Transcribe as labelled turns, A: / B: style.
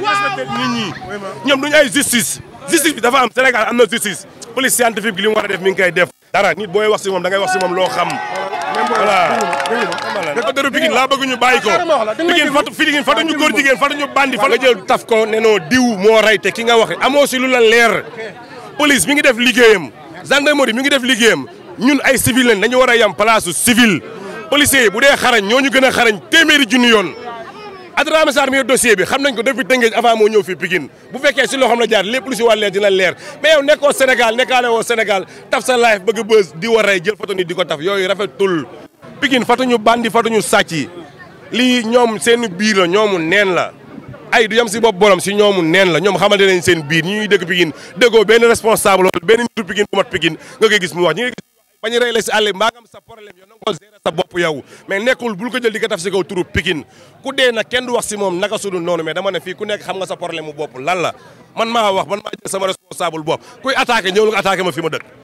A: dañu respecté nit ñoom duñu ay justice justice bi dafa am Sénégal am na justice police scientifique bi li mu war def mi ngi koy def dara nit booy wax si moom da ngay wax si moom loo xam voilà dëkk dëru Pikine ñu bàyyi ko Pikine fatu fi Pikine fatu ñu góor jigéen fatu ñu bandi fa nga jël taf ko ne noo diw moo rey te ki nga wax amoo si lu la leer police mi ngi def liggéeyam gendarmerie mi ngi def liggéeyam ñun ay civil lañ dañu war a yam place civil policiers yi bu dee xarañ ñoo ñu gën a xarañ téeméeri junni yoon Adrama sar mio dossier bi xam nañ ko depuis Tëngéej avant mo ñëw fi pigine bu fekke si loo xam la jaar lepp lu ci walé dina leer mais yow nekkoo Sénégal nekkale woo Sénégal taf sa life bëgg bës di waray jël photo nit di ko taf yooyu rafetul fatu ñu bandi ñu sàcc li ñom seen biir la ñom neen la ay du yam si bop borom si ñom neen la ñom xamal dinañ seen biir ñuy dëgg pigine dëggo ben responsable ben nitu pigine bu mat pigine nga gis mu wax ñi bañu rey la si àll bi mbaa nga am sa problème yow na nga sa bopp yow mais nekkul bul ko jël di ko taf si kaw turu Pikine ku dee kenn du wax si moom naka sudul noonu mais dama ne fii ku nekk xam nga sa problème mu bopp lan la man maa wax man maa jël sama responsable bopp kuy attaqué ñëwul nga attaqué ma fi ma dëkk